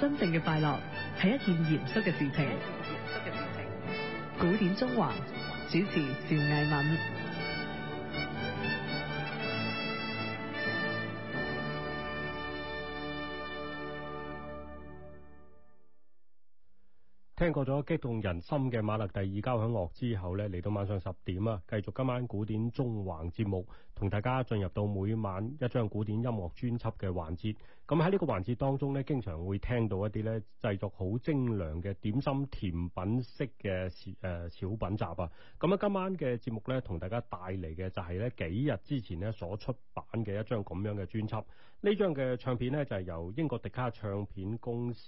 真正嘅快樂，係一件嚴肅嘅事情。古典縱橫，主持：邵藝敏。聽過咗激動人心嘅馬勒第二交響樂之後呢，嚟到晚上十點啊，繼續今晚古典縱橫節目，同大家進入到每晚一張古典音樂專輯嘅環節。咁喺呢個環節當中呢，經常會聽到一啲呢製作好精良嘅點心甜品式嘅誒小品集啊。咁啊，今晚嘅節目呢，同大家帶嚟嘅就係呢幾日之前呢所出版嘅一張咁樣嘅專輯。呢張嘅唱片呢，就係由英國迪卡唱片公司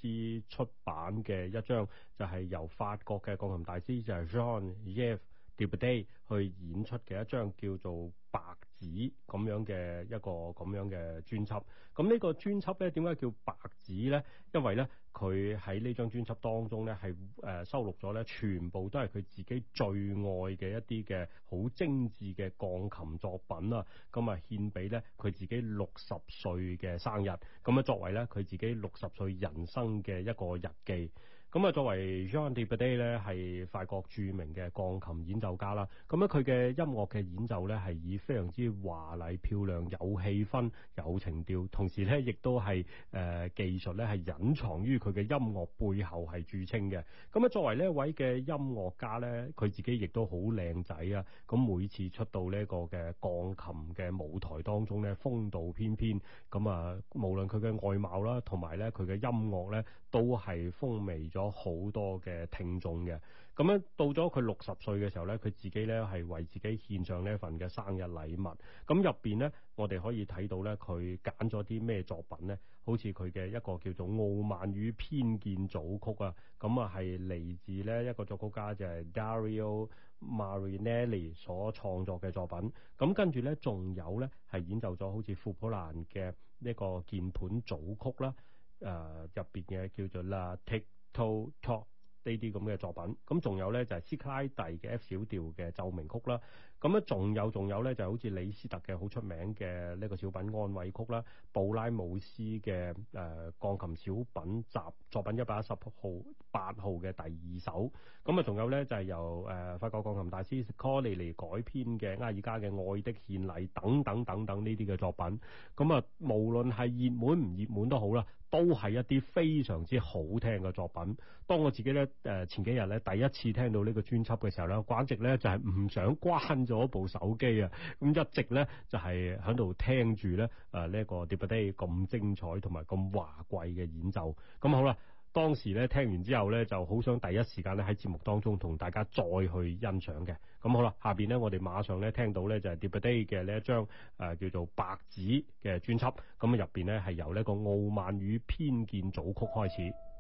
出版嘅一張就係由法國嘅鋼琴大師就係 Jean-Yves Thibaudet 去演出嘅一張叫做《白紙》咁樣嘅一個咁樣嘅專輯。咁呢個專輯咧，點解叫白紙咧？因為咧，佢喺呢張專輯當中咧，係誒收錄咗咧，全部都係佢自己最愛嘅一啲嘅好精緻嘅鋼琴作品啊。咁啊，獻俾咧佢自己六十歲嘅生日，咁啊，作為咧佢自己六十歲人生嘅一個日記。咁啊，作為 Jean-Yves Thibaudet 咧，係法國著名嘅鋼琴演奏家啦。咁啊佢嘅音樂嘅演奏咧係以非常之華麗漂亮，有氣氛、有情調，同時咧亦都係誒技術咧係隱藏於佢嘅音樂背後係著稱嘅。咁啊作為呢一位嘅音樂家咧，佢自己亦都好靚仔啊！咁每次出到呢一個嘅鋼琴嘅舞台當中咧，風度翩翩。咁啊，無論佢嘅外貌啦，同埋咧佢嘅音樂咧，都係風靡咗。好多嘅聽眾嘅咁咧，到咗佢六十歲嘅時候咧，佢自己咧係為自己獻上呢一份嘅生日禮物。咁入邊咧，我哋可以睇到咧，佢揀咗啲咩作品咧？好似佢嘅一個叫做《傲慢與偏見》組曲啊，咁啊係嚟自咧一個作曲家就係 Dario Marianelli 所創作嘅作品。咁跟住咧，仲有咧係演奏咗好似富普蘭嘅呢個鍵盤組曲啦。誒、呃，入邊嘅叫做《Le Tic》。套托呢啲咁嘅作品，咁仲有咧就係斯卡拉蒂嘅 F 小調嘅奏鳴曲啦。咁咧仲有仲有咧，就好似李斯特嘅好出名嘅呢個小品安慰曲啦，布拉姆斯嘅、誒鋼琴小品集作品一百一十號八號嘅第二首，咁啊仲有咧就係、是、由誒、呃、法國鋼琴大師科利尼改編嘅埃爾加嘅愛的獻禮等等等等呢啲嘅作品，咁啊無論係熱門唔熱門都好啦，都係一啲非常之好聽嘅作品。當我自己咧誒前幾日咧第一次聽到呢個專輯嘅時候咧，簡直咧就係、是、唔想關。做一部手機啊，咁一直咧就係喺度聽住咧、這個，誒呢一個蒂博戴咁精彩同埋咁華貴嘅演奏。咁好啦，當時咧聽完之後咧，就好想第一時間咧喺節目當中同大家再去欣賞嘅。咁好啦，下邊咧我哋馬上咧聽到咧就係蒂博戴嘅呢一張誒叫做白紙嘅專輯，咁入邊咧係由呢個《傲慢與偏見》組曲開始。